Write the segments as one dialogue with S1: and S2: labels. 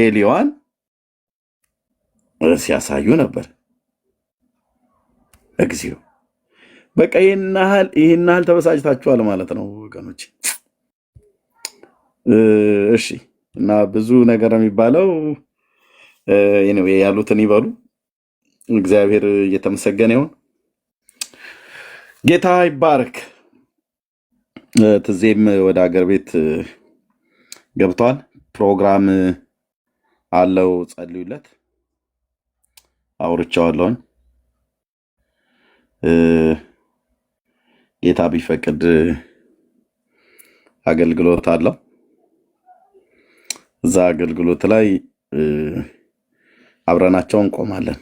S1: ኤሊዋን ሲያሳዩ ነበር። እግዚኦ በቃ ይህናህል ይህናህል ተበሳጭታችኋል ማለት ነው ወገኖች። እሺ እና ብዙ ነገር የሚባለው ያሉትን ይበሉ። እግዚአብሔር እየተመሰገነ ይሁን። ጌታ ይባረክ። ትዜም ወደ አገር ቤት ገብቷል ፕሮግራም አለው ጸልዩለት አውርቻዋለሁኝ። ጌታ ቢፈቅድ አገልግሎት አለው። እዛ አገልግሎት ላይ አብረናቸው እንቆማለን።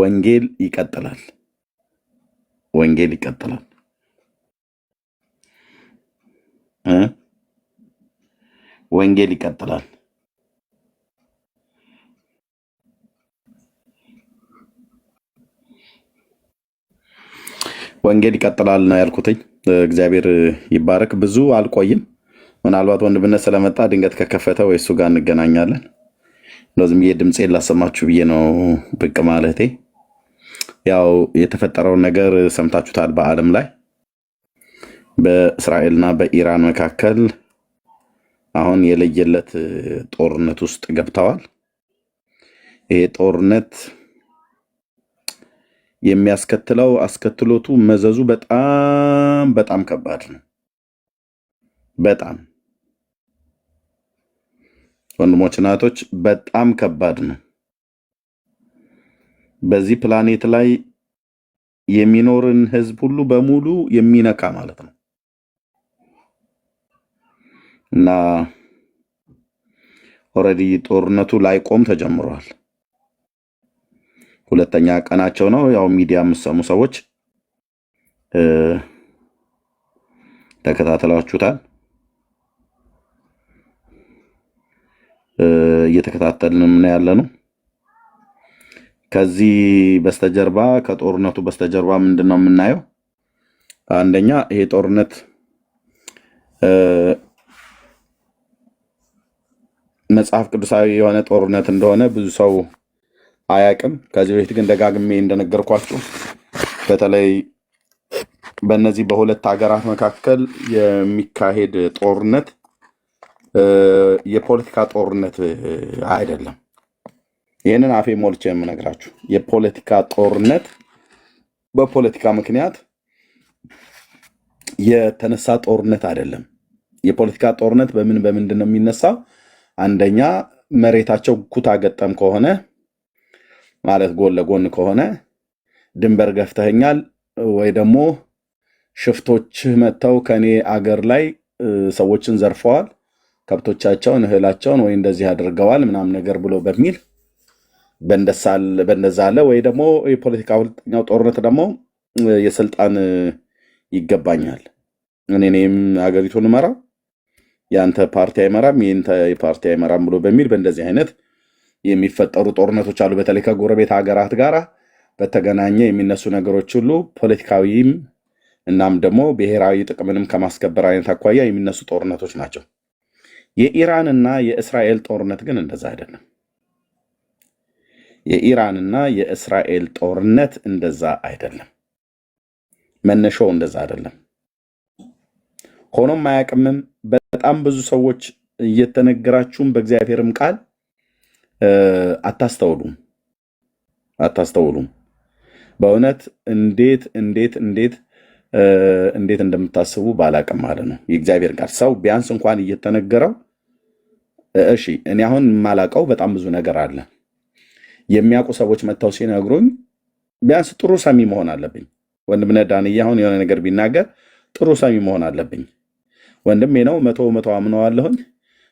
S1: ወንጌል ይቀጥላል። ወንጌል ይቀጥላል። ወንጌል ይቀጥላል። ወንጌል ይቀጥላል ነው ያልኩትኝ። እግዚአብሔር ይባረክ። ብዙ አልቆይም። ምናልባት ወንድምነት ስለመጣ ድንገት ከከፈተ ወይ እሱ ጋር እንገናኛለን። እንደዚህም ይሄ ድምፄን ላሰማችሁ ብዬ ነው ብቅ ማለቴ። ያው የተፈጠረውን ነገር ሰምታችሁታል። በዓለም ላይ በእስራኤልና በኢራን መካከል አሁን የለየለት ጦርነት ውስጥ ገብተዋል። ይሄ ጦርነት የሚያስከትለው አስከትሎቱ መዘዙ በጣም በጣም ከባድ ነው። በጣም ወንድሞች እናቶች፣ በጣም ከባድ ነው። በዚህ ፕላኔት ላይ የሚኖርን ህዝብ ሁሉ በሙሉ የሚነካ ማለት ነው። እና ኦልሬዲ ጦርነቱ ላይቆም ተጀምሯል። ሁለተኛ ቀናቸው ነው። ያው ሚዲያ የምሰሙ ሰዎች ተከታተላችሁታል። እየተከታተልንም ነው ያለ ነው። ከዚህ በስተጀርባ ከጦርነቱ በስተጀርባ ምንድን ነው የምናየው? አንደኛ ይሄ ጦርነት መጽሐፍ ቅዱሳዊ የሆነ ጦርነት እንደሆነ ብዙ ሰው አያቅም። ከዚህ በፊት ግን ደጋግሜ እንደነገርኳችሁ በተለይ በእነዚህ በሁለት ሀገራት መካከል የሚካሄድ ጦርነት የፖለቲካ ጦርነት አይደለም። ይህንን አፌ ሞልቼ የምነግራችሁ የፖለቲካ ጦርነት በፖለቲካ ምክንያት የተነሳ ጦርነት አይደለም። የፖለቲካ ጦርነት በምን በምንድን ነው የሚነሳው? አንደኛ መሬታቸው ኩታ ገጠም ከሆነ ማለት ጎን ለጎን ከሆነ ድንበር ገፍተኸኛል ወይ ደግሞ ሽፍቶች መጥተው ከኔ አገር ላይ ሰዎችን ዘርፈዋል፣ ከብቶቻቸውን፣ እህላቸውን ወይ እንደዚህ አድርገዋል ምናምን ነገር ብሎ በሚል በእንደዛ አለ ወይ ደግሞ የፖለቲካ ሁለተኛው ጦርነት ደግሞ የስልጣን ይገባኛል እኔ እኔም ሀገሪቱን እመራው የአንተ ፓርቲ አይመራም ይህን ፓርቲ አይመራም ብሎ በሚል በእንደዚህ አይነት የሚፈጠሩ ጦርነቶች አሉ። በተለይ ከጎረቤት ሀገራት ጋር በተገናኘ የሚነሱ ነገሮች ሁሉ ፖለቲካዊም እናም ደግሞ ብሔራዊ ጥቅምንም ከማስከበር አይነት አኳያ የሚነሱ ጦርነቶች ናቸው። የኢራንና የእስራኤል ጦርነት ግን እንደዛ አይደለም። የኢራንና የእስራኤል ጦርነት እንደዛ አይደለም። መነሻው እንደዛ አይደለም። ሆኖም አያቅምም በጣም ብዙ ሰዎች እየተነገራችሁም በእግዚአብሔርም ቃል አታስተውሉም አታስተውሉም። በእውነት እንዴት እንዴት እንዴት እንዴት እንደምታስቡ ባላቅም ማለት ነው። የእግዚአብሔር ቃል ሰው ቢያንስ እንኳን እየተነገረው እሺ፣ እኔ አሁን የማላቀው በጣም ብዙ ነገር አለ። የሚያውቁ ሰዎች መጥተው ሲነግሩኝ ቢያንስ ጥሩ ሰሚ መሆን አለብኝ። ወንድምነ ዳንዬ አሁን የሆነ ነገር ቢናገር ጥሩ ሰሚ መሆን አለብኝ። ወንድሜ ነው። መቶ መቶ አምነዋለሁኝ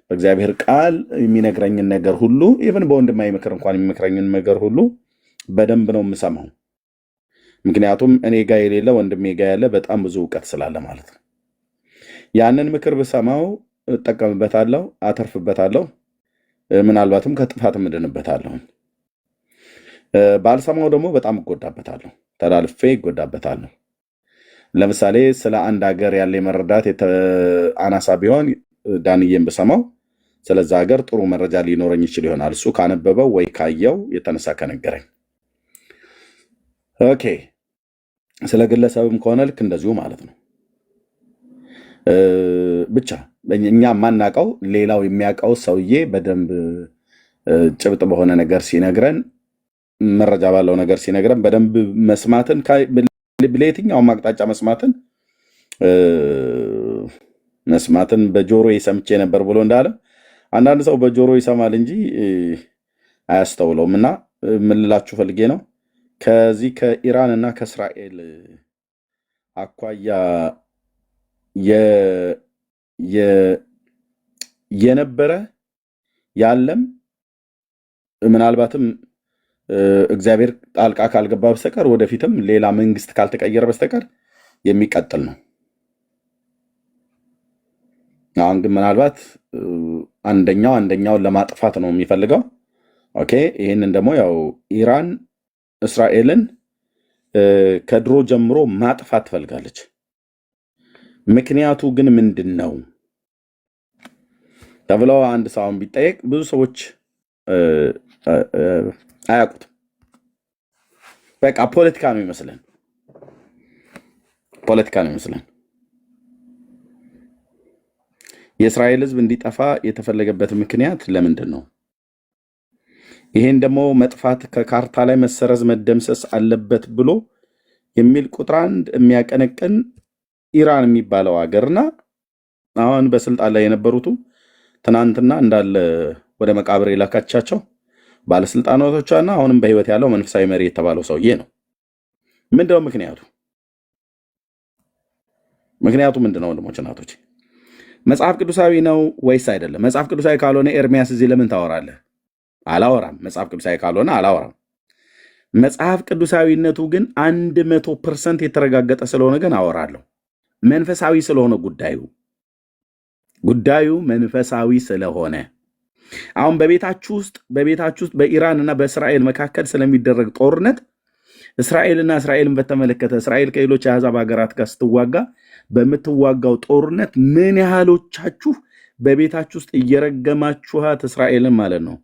S1: በእግዚአብሔር ቃል የሚነግረኝን ነገር ሁሉ ኢቨን በወንድማዊ ምክር እንኳን የሚመክረኝን ነገር ሁሉ በደንብ ነው የምሰማው። ምክንያቱም እኔ ጋ የሌለ ወንድሜ ጋ ያለ በጣም ብዙ እውቀት ስላለ ማለት ነው። ያንን ምክር ብሰማው እጠቀምበታለሁ፣ አተርፍበታለሁ፣ ምናልባትም ከጥፋት ምድንበታለሁ። ባልሰማው ደግሞ በጣም እጎዳበታለሁ፣ ተላልፌ ይጎዳበታለሁ። ለምሳሌ ስለ አንድ ሀገር ያለ መረዳት አናሳ ቢሆን ዳንዬን ብሰማው ስለዛ ሀገር ጥሩ መረጃ ሊኖረኝ ይችል ይሆናል። እሱ ካነበበው ወይ ካየው የተነሳ ከነገረኝ። ኦኬ ስለ ግለሰብም ከሆነ ልክ እንደዚሁ ማለት ነው። ብቻ እኛ የማናውቀው ሌላው የሚያውቀው ሰውዬ በደንብ ጭብጥ በሆነ ነገር ሲነግረን፣ መረጃ ባለው ነገር ሲነግረን በደንብ መስማትን ለየትኛውም አቅጣጫ መስማትን መስማትን በጆሮ ሰምቼ ነበር ብሎ እንዳለ አንዳንድ ሰው በጆሮ ይሰማል እንጂ አያስተውለውም። እና የምልላችሁ ፈልጌ ነው ከዚህ ከኢራን እና ከእስራኤል አኳያ የነበረ ያለም ምናልባትም እግዚአብሔር ጣልቃ ካልገባ በስተቀር ወደፊትም ሌላ መንግስት ካልተቀየረ በስተቀር የሚቀጥል ነው። አሁን ግን ምናልባት አንደኛው አንደኛውን ለማጥፋት ነው የሚፈልገው። ኦኬ፣ ይህንን ደግሞ ያው ኢራን እስራኤልን ከድሮ ጀምሮ ማጥፋት ትፈልጋለች። ምክንያቱ ግን ምንድን ነው ተብለው አንድ ሰውን ቢጠየቅ ብዙ ሰዎች አያውቁትም። በቃ ፖለቲካ ነው ይመስለን፣ ፖለቲካ ነው ይመስለን። የእስራኤል ህዝብ እንዲጠፋ የተፈለገበት ምክንያት ለምንድን ነው? ይሄን ደግሞ መጥፋት ከካርታ ላይ መሰረዝ መደምሰስ አለበት ብሎ የሚል ቁጥር አንድ የሚያቀነቅን ኢራን የሚባለው ሀገርና አሁን በስልጣን ላይ የነበሩቱ ትናንትና እንዳለ ወደ መቃብር የላካቻቸው ባለስልጣናቶቿና አሁንም በህይወት ያለው መንፈሳዊ መሪ የተባለው ሰውዬ ነው። ምንድነው ምክንያቱ? ምክንያቱ ምንድነው? ወንድሞች እናቶች፣ መጽሐፍ ቅዱሳዊ ነው ወይስ አይደለም? መጽሐፍ ቅዱሳዊ ካልሆነ ኤርሚያስ እዚህ ለምን ታወራለህ? አላወራም። መጽሐፍ ቅዱሳዊ ካልሆነ አላወራም። መጽሐፍ ቅዱሳዊነቱ ግን አንድ መቶ ፐርሰንት የተረጋገጠ ስለሆነ ግን አወራለሁ። መንፈሳዊ ስለሆነ ጉዳዩ ጉዳዩ መንፈሳዊ ስለሆነ አሁን በቤታችሁ ውስጥ በቤታችሁ ውስጥ በኢራን እና በእስራኤል መካከል ስለሚደረግ ጦርነት እስራኤልና እስራኤልን በተመለከተ እስራኤል ከሌሎች የአሕዛብ ሀገራት ጋር ስትዋጋ በምትዋጋው ጦርነት ምን ያህሎቻችሁ በቤታችሁ ውስጥ እየረገማችኋት እስራኤልን ማለት ነው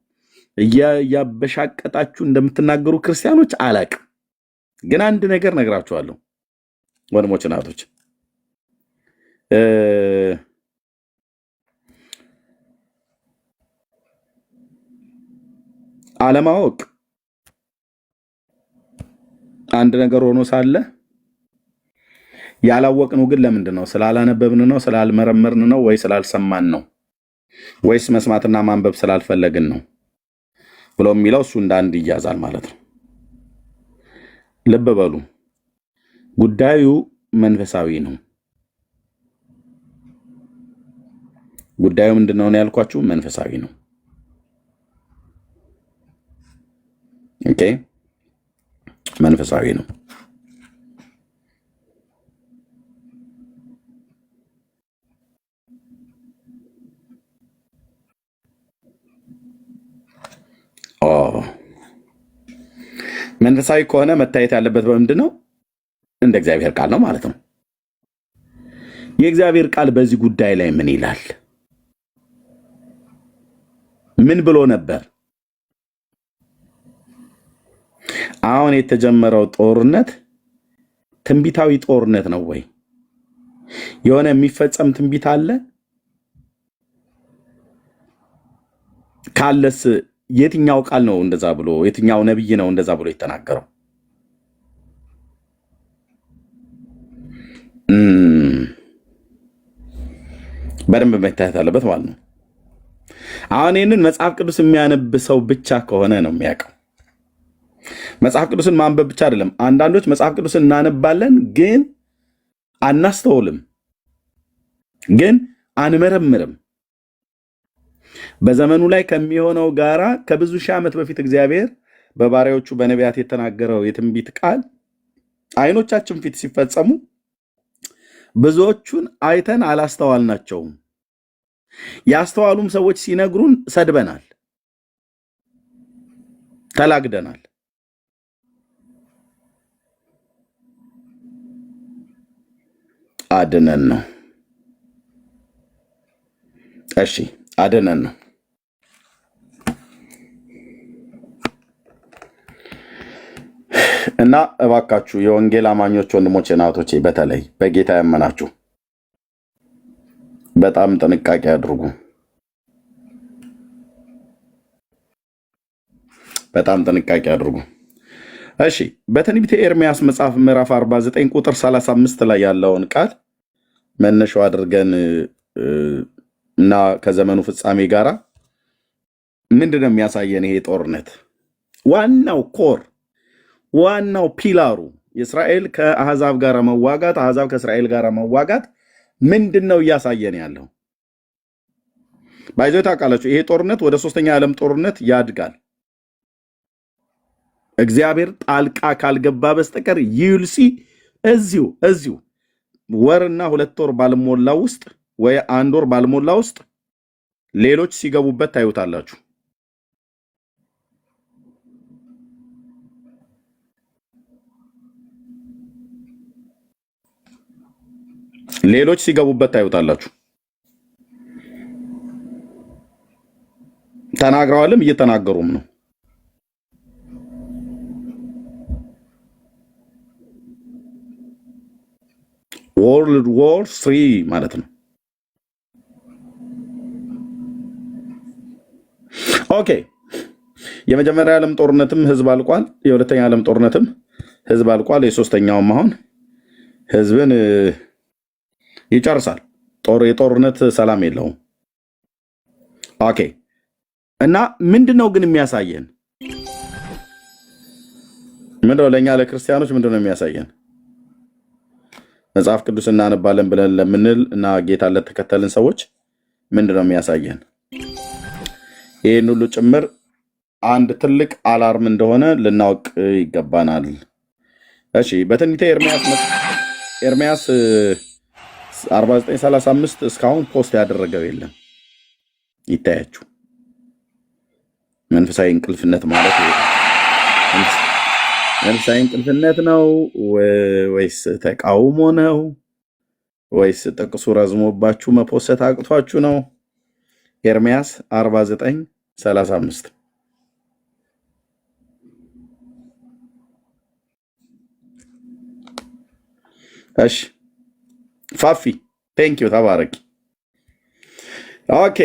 S1: እያበሻቀጣችሁ እንደምትናገሩ ክርስቲያኖች አላቅም። ግን አንድ ነገር ነግራችኋለሁ ወንድሞች እናቶች አለማወቅ አንድ ነገር ሆኖ ሳለ ያላወቅነው ግን ለምንድን ነው? ስላላነበብን ነው? ስላልመረመርን ነው? ወይ ስላልሰማን ነው? ወይስ መስማትና ማንበብ ስላልፈለግን ነው ብሎ የሚለው እሱ እንደ አንድ ይያዛል ማለት ነው። ልብ በሉ፣ ጉዳዩ መንፈሳዊ ነው። ጉዳዩ ምንድን ነው ያልኳችሁ? መንፈሳዊ ነው። ኦኬ መንፈሳዊ ነው። መንፈሳዊ ከሆነ መታየት ያለበት በምንድን ነው? እንደ እግዚአብሔር ቃል ነው ማለት ነው። የእግዚአብሔር ቃል በዚህ ጉዳይ ላይ ምን ይላል? ምን ብሎ ነበር? አሁን የተጀመረው ጦርነት ትንቢታዊ ጦርነት ነው ወይ? የሆነ የሚፈጸም ትንቢት አለ ካለስ የትኛው ቃል ነው እንደዛ ብሎ የትኛው ነብይ ነው እንደዛ ብሎ የተናገረው? በደንብ መታየት አለበት ማለት ነው። አሁን ይህንን መጽሐፍ ቅዱስ የሚያነብ ሰው ብቻ ከሆነ ነው የሚያውቀው። መጽሐፍ ቅዱስን ማንበብ ብቻ አይደለም። አንዳንዶች መጽሐፍ ቅዱስን እናነባለን፣ ግን አናስተውልም፣ ግን አንመረምርም። በዘመኑ ላይ ከሚሆነው ጋራ ከብዙ ሺህ ዓመት በፊት እግዚአብሔር በባሪያዎቹ በነቢያት የተናገረው የትንቢት ቃል አይኖቻችን ፊት ሲፈጸሙ ብዙዎቹን አይተን አላስተዋልናቸውም። ያስተዋሉም ሰዎች ሲነግሩን ሰድበናል፣ ተላግደናል። አድነን ነው። እሺ አድነን ነው። እና እባካችሁ የወንጌል አማኞች ወንድሞቼ እናቶቼ፣ በተለይ በጌታ ያመናችሁ በጣም ጥንቃቄ አድርጉ። በጣም ጥንቃቄ አድርጉ። እሺ በትንቢተ ኤርሚያስ መጽሐፍ ምዕራፍ 49 ቁጥር 35 ላይ ያለውን ቃል መነሻው አድርገን እና ከዘመኑ ፍጻሜ ጋር ምንድን ነው የሚያሳየን? ይሄ ጦርነት ዋናው ኮር ዋናው ፒላሩ እስራኤል ከአሕዛብ ጋር መዋጋት፣ አሕዛብ ከእስራኤል ጋር መዋጋት ምንድን ነው እያሳየን ያለው? ባይዞ ታውቃላችሁ፣ ይሄ ጦርነት ወደ ሶስተኛ ዓለም ጦርነት ያድጋል። እግዚአብሔር ጣልቃ ካልገባ በስተቀር ዩልሲ እዚሁ እዚሁ ወርና ሁለት ወር ባልሞላ ውስጥ ወይ አንድ ወር ባልሞላ ውስጥ ሌሎች ሲገቡበት ታዩታላችሁ። ሌሎች ሲገቡበት ታዩታላችሁ። ተናግረዋልም እየተናገሩም ነው። ወርልድ ዎር ስሪ ማለት ነው። ኦኬ የመጀመሪያ ዓለም ጦርነትም ህዝብ አልቋል። የሁለተኛ ዓለም ጦርነትም ህዝብ አልቋል። የሶስተኛውም አሁን ህዝብን ይጨርሳል። የጦርነት ሰላም የለውም። ኦኬ እና ምንድን ነው ግን የሚያሳየን ምንድነው? ለእኛ ለክርስቲያኖች ምንድነው የሚያሳየን? መጽሐፍ ቅዱስ እናነባለን ብለን ለምንል እና ጌታን ለተከተልን ሰዎች ምንድን ነው የሚያሳየን? ይህን ሁሉ ጭምር አንድ ትልቅ አላርም እንደሆነ ልናውቅ ይገባናል። እሺ በትንቢተ ኤርሚያስ 4935 እስካሁን ፖስት ያደረገው የለም። ይታያችሁ መንፈሳዊ እንቅልፍነት ማለት ለምሳሌ እንቅልፍነት ነው ወይስ ተቃውሞ ነው ወይስ ጥቅሱ ረዝሞባችሁ መፖሰት አቅቷችሁ ነው? ኤርሚያስ 49 35 እሺ ፋፊ ቴንክ ዩ ኦኬ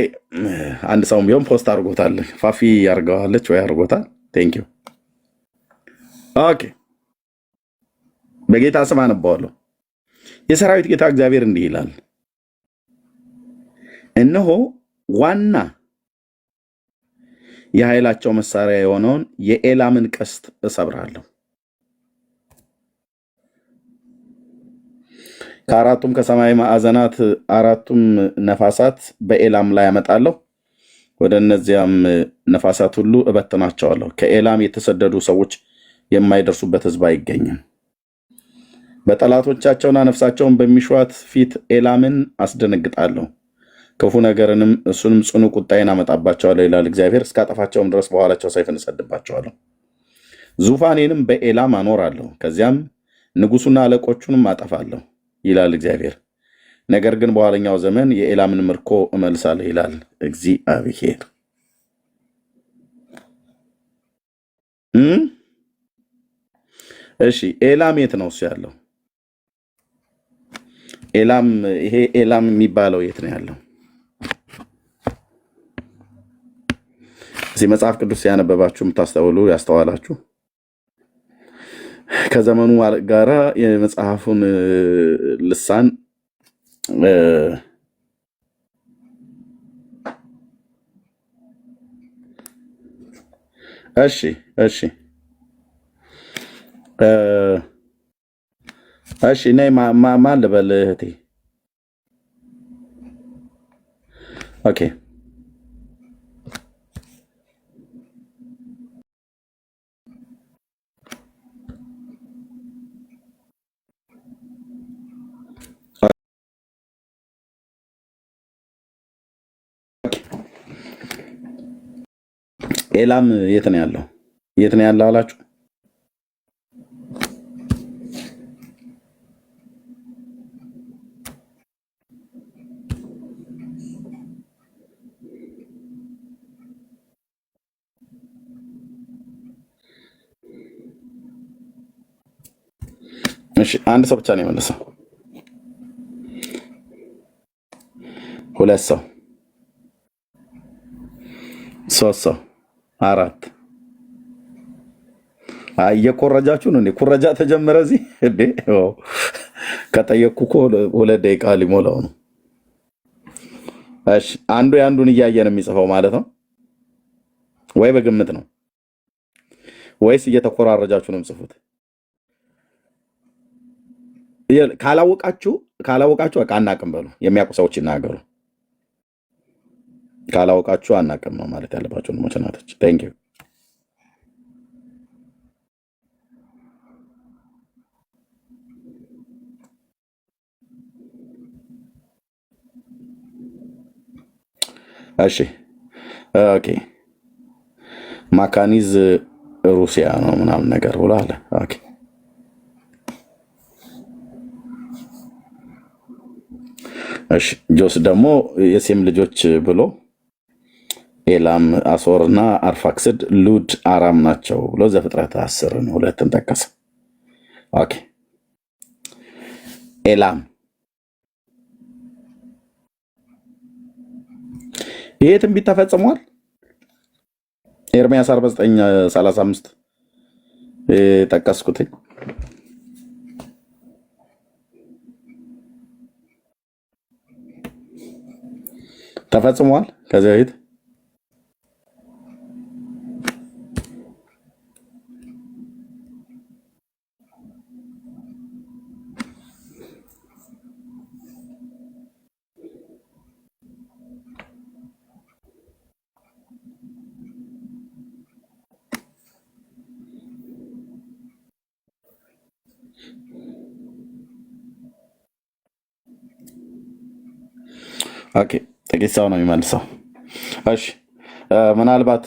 S1: አንድ ሰውም ቢሆን ፖስት አድርጎታል። ፋፊ ያርገዋለች ወይ አድርጎታል። ቴንክ ዩ ኦኬ፣ በጌታ ስም አነባዋለሁ። የሰራዊት ጌታ እግዚአብሔር እንዲህ ይላል፣ እነሆ ዋና የኃይላቸው መሳሪያ የሆነውን የኤላምን ቀስት እሰብራለሁ። ከአራቱም ከሰማይ ማዕዘናት አራቱም ነፋሳት በኤላም ላይ ያመጣለሁ። ወደ እነዚያም ነፋሳት ሁሉ እበትናቸዋለሁ። ከኤላም የተሰደዱ ሰዎች የማይደርሱበት ህዝብ አይገኝም። በጠላቶቻቸውና ነፍሳቸውን በሚሸዋት ፊት ኤላምን አስደነግጣለሁ፣ ክፉ ነገርንም እሱንም ጽኑ ቁጣዬን አመጣባቸዋለሁ ይላል እግዚአብሔር። እስካጠፋቸውም ድረስ በኋላቸው ሰይፍን እሰድባቸዋለሁ። ዙፋኔንም በኤላም አኖራለሁ፣ ከዚያም ንጉሱና አለቆቹንም አጠፋለሁ ይላል እግዚአብሔር። ነገር ግን በኋለኛው ዘመን የኤላምን ምርኮ እመልሳለሁ ይላል እግዚአብሔር። እሺ ኤላም የት ነው እሱ ያለው? ኤላም ይሄ ኤላም የሚባለው የት ነው ያለው? እዚህ መጽሐፍ ቅዱስ ያነበባችሁ የምታስተውሉ ያስተዋላችሁ ከዘመኑ ጋራ የመጽሐፉን ልሳን እሺ እሺ እሺ እኔ ማን ልበል እህቴ? ኦኬ ኤላም የት ነው ያለው? የት ነው ያለው አላችሁ? አንድ ሰው ብቻ ነው የመለሰው። ሁለት ሰው፣ ሶስት ሰው፣ አራት እየኮረጃችሁ ነው እንዴ? ኩረጃ ተጀመረ እዚህ እንዴ? ከጠየቅኩ እኮ ሁለት ደቂቃ ሊሞላው ነው። እሺ አንዱ የአንዱን እያየ ነው የሚጽፈው ማለት ነው ወይ በግምት ነው ወይስ እየተኮራረጃችሁ ነው የምጽፉት? ካላወቃችሁ ካላወቃችሁ በቃ አናቅም በሉ። የሚያውቁ ሰዎች ይናገሩ። ካላወቃችሁ አናቅም ነው ማለት ያለባቸው ወንድሞች እናቶች። ቴንክ ዩ እሺ ኦኬ ማካኒዝ ሩሲያ ነው ምናምን ነገር ብሎ አለ። ኦኬ እሺ ጆስ ደግሞ የሴም ልጆች ብሎ ኤላም፣ አሶር እና አርፋክስድ፣ ሉድ፣ አራም ናቸው ብሎ ዘፍጥረት አስር ነው ሁለትን ጠቀሰ። ኦኬ ኤላም ይሄ ትንቢት ተፈጽሟል። ኤርሚያስ 49 35 ጠቀስኩትኝ። ተፈጽሟል። ከዚህ በፊት ኦኬ ጥቂት ሰው ነው የሚመልሰው። እሺ ምናልባት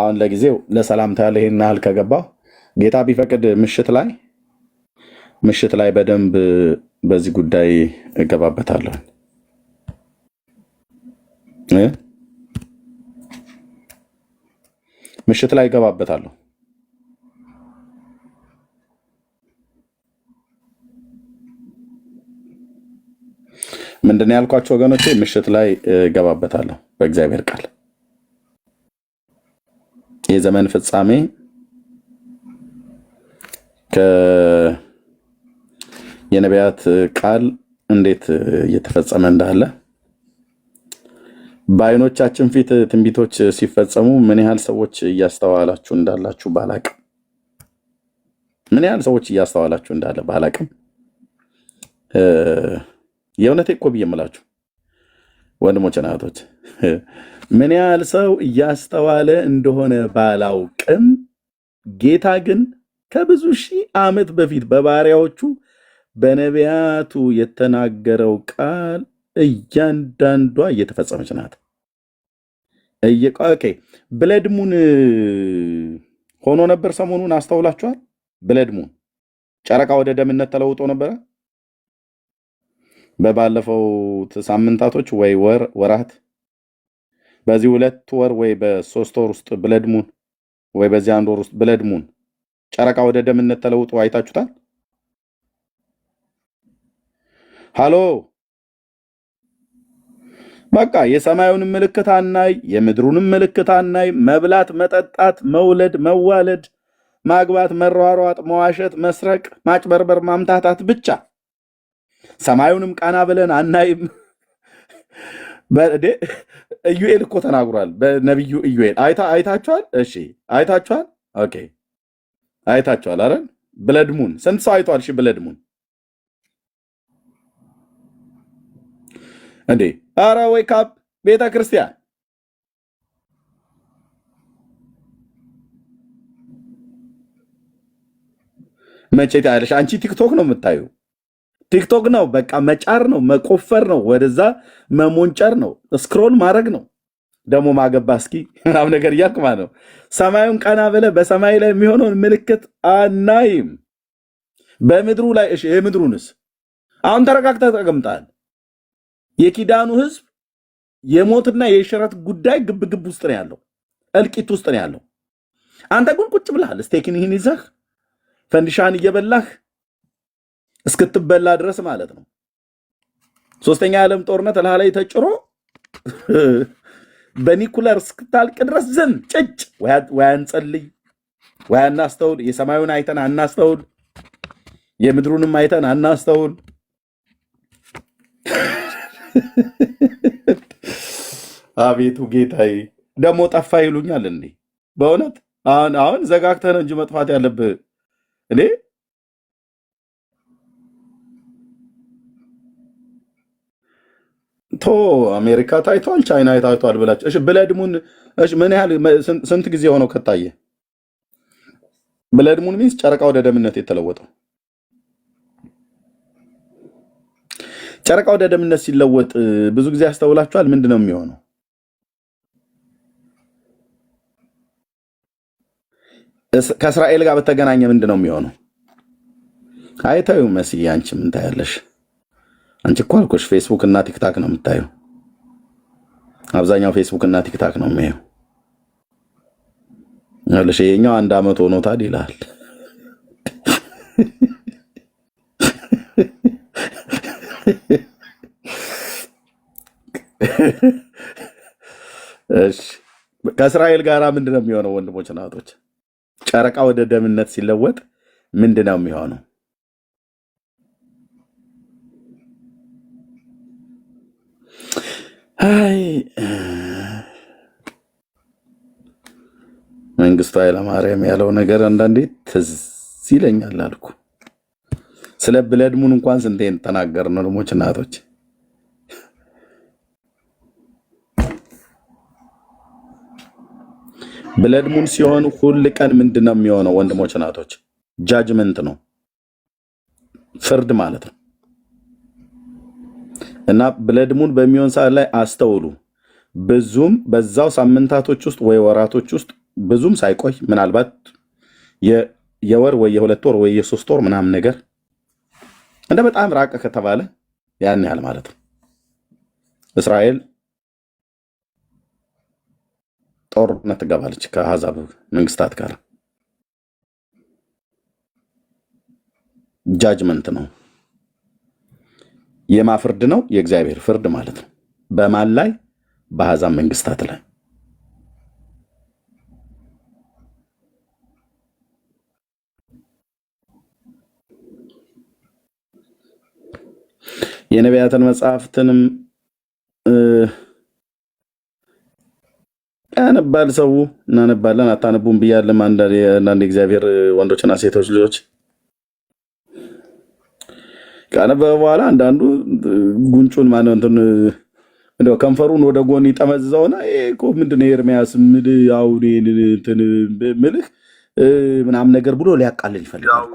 S1: አሁን ለጊዜው ለሰላምታ ያለ ይሄን ያህል ከገባው ጌታ ቢፈቅድ ምሽት ላይ ምሽት ላይ በደንብ በዚህ ጉዳይ እገባበታለሁ። ምሽት ላይ እገባበታለሁ። ምንድን ነው ያልኳቸው ወገኖቼ፣ ምሽት ላይ እገባበታለሁ በእግዚአብሔር ቃል የዘመን ፍጻሜ የነቢያት ቃል እንዴት እየተፈጸመ እንዳለ በአይኖቻችን ፊት ትንቢቶች ሲፈጸሙ ምን ያህል ሰዎች እያስተዋላችሁ እንዳላችሁ ባላቅም ምን ያህል ሰዎች እያስተዋላችሁ እንዳለ ባላቅም የእውነቴ እኮ ብዬ የምላችሁ ወንድሞች ናቶች ምን ያህል ሰው እያስተዋለ እንደሆነ ባላውቅም ጌታ ግን ከብዙ ሺህ ዓመት በፊት በባሪያዎቹ በነቢያቱ የተናገረው ቃል እያንዳንዷ እየተፈጸመች ናት። ብለድሙን ሆኖ ነበር ሰሞኑን አስተውላችኋል። ብለድሙን ጨረቃ ወደ ደምነት ተለውጦ ነበረ። በባለፈው ሳምንታቶች ወይ ወር ወራት በዚህ ሁለት ወር ወይ በሶስት ወር ውስጥ ብለድሙን ወይ በዚህ አንድ ወር ውስጥ ብለድሙን ጨረቃ ወደ ደምነት ተለውጦ አይታችሁታል? ሃሎ በቃ የሰማዩንም ምልክት አናይ፣ የምድሩንም ምልክት አናይ። መብላት፣ መጠጣት፣ መውለድ፣ መዋለድ፣ ማግባት፣ መሯሯጥ፣ መዋሸት፣ መስረቅ፣ ማጭበርበር፣ ማምታታት ብቻ ሰማዩንም ቃና ብለን አናይም። እዩኤል እኮ ተናግሯል። በነቢዩ ኢዩኤል አይታችኋል? እሺ አይታችኋል? ኦኬ አይታችኋል። አረን ብለድሙን ስንት ሰው አይቷል? እሺ ብለድሙን እንዴ! አረ ወይ ካፕ ቤተ ክርስቲያን መቼት ያለሽ አንቺ ቲክቶክ ነው የምታዩ ቲክቶክ ነው በቃ መጫር ነው፣ መቆፈር ነው፣ ወደዛ መሞንጨር ነው፣ ስክሮል ማድረግ ነው። ደግሞ ማገባ እስኪ ምናምን ነገር እያቅማ ነው። ሰማዩን ቀና ብለ በሰማይ ላይ የሚሆነውን ምልክት አናይም። በምድሩ ላይ እሺ፣ የምድሩንስ አሁን ተረጋግተህ ተቀምጣል የኪዳኑ ህዝብ የሞትና የሽረት ጉዳይ ግብግብ ውስጥ ነው ያለው፣ እልቂት ውስጥ ነው ያለው። አንተ ግን ቁጭ ብለሃል፣ ስቴክን ይህን ይዘህ ፈንዲሻን እየበላህ እስክትበላ ድረስ ማለት ነው። ሶስተኛ የዓለም ጦርነት እልህ ላይ ተጭሮ በኒኩለር እስክታልቅ ድረስ ዘን ጭጭ ወይ አንጸልይ ወይ አናስተውል። የሰማዩን አይተን አናስተውል፣ የምድሩንም አይተን አናስተውል። አቤቱ ጌታዬ ደግሞ ጠፋ ይሉኛል እንዴ? በእውነት አሁን አሁን ዘጋግተህ ነው እንጂ መጥፋት ያለብህ እኔ ቶ አሜሪካ ታይቷል፣ ቻይና ታይቷል ብላችሁ እሺ፣ ብለድሙን እሺ፣ ምን ያህል ስንት ጊዜ ሆነው ከታየ? ብለድሙን ሚንስ ጨረቃ ወደ ደምነት የተለወጠው ጨረቃ ወደ ደምነት ሲለወጥ ብዙ ጊዜ ያስተውላችኋል። ምንድን ነው የሚሆነው? ከእስራኤል ጋር በተገናኘ ምንድን ነው የሚሆነው? አይታዩ መስዬ አንቺ ምን ታያለሽ? አንቺ እኮ አልኩሽ ፌስቡክ እና ቲክታክ ነው የምታየው። አብዛኛው ፌስቡክ እና ቲክታክ ነው የሚያየው። ልሽ ይሄኛው አንድ አመት ሆኖታል ይላል። ከእስራኤል ጋር ምንድነው የሚሆነው? ወንድሞች ናቶች ጨረቃ ወደ ደምነት ሲለወጥ ምንድነው የሚሆነው? መንግስቱ ኃይለማርያም ያለው ነገር አንዳንዴ ትዝ ይለኛል አልኩ። ስለ ብለድሙን እንኳን ስንቴን ነው ልሞች እናቶች፣ ብለድሙን ሲሆን ሁል ቀን ምንድን ነው የሚሆነው? ወንድሞች እናቶች፣ ጃጅመንት ነው፣ ፍርድ ማለት ነው። እና ብለድሙን በሚሆን ሰዓት ላይ አስተውሉ። ብዙም በዛው ሳምንታቶች ውስጥ ወይ ወራቶች ውስጥ ብዙም ሳይቆይ ምናልባት የወር ወይ የሁለት ወር ወይ የሶስት ወር ምናምን ነገር እንደ በጣም ራቀ ከተባለ ያን ያህል ማለት ነው። እስራኤል ጦርነት ትገባለች ከአሕዛብ መንግስታት ጋር። ጃጅመንት ነው። የማ ፍርድ ነው? የእግዚአብሔር ፍርድ ማለት ነው። በማን ላይ? በአሕዛብ መንግስታት ላይ። የነቢያትን መጽሐፍትንም ያነባል ሰው። እናነባለን። አታነቡም ብያለም። አንዳንድ የእግዚአብሔር ወንዶችና ሴቶች ልጆች ካነበበ በኋላ አንዳንዱ ጉንጩን ማንንትን እንደው ከንፈሩን ወደ ጎን ይጠመዝዘውና ይሄ እኮ ምንድን ነው ኤርሚያስ ምል አውሬ እንትን ምልህ ምናምን ነገር ብሎ ሊያቃልል ይፈልጋል።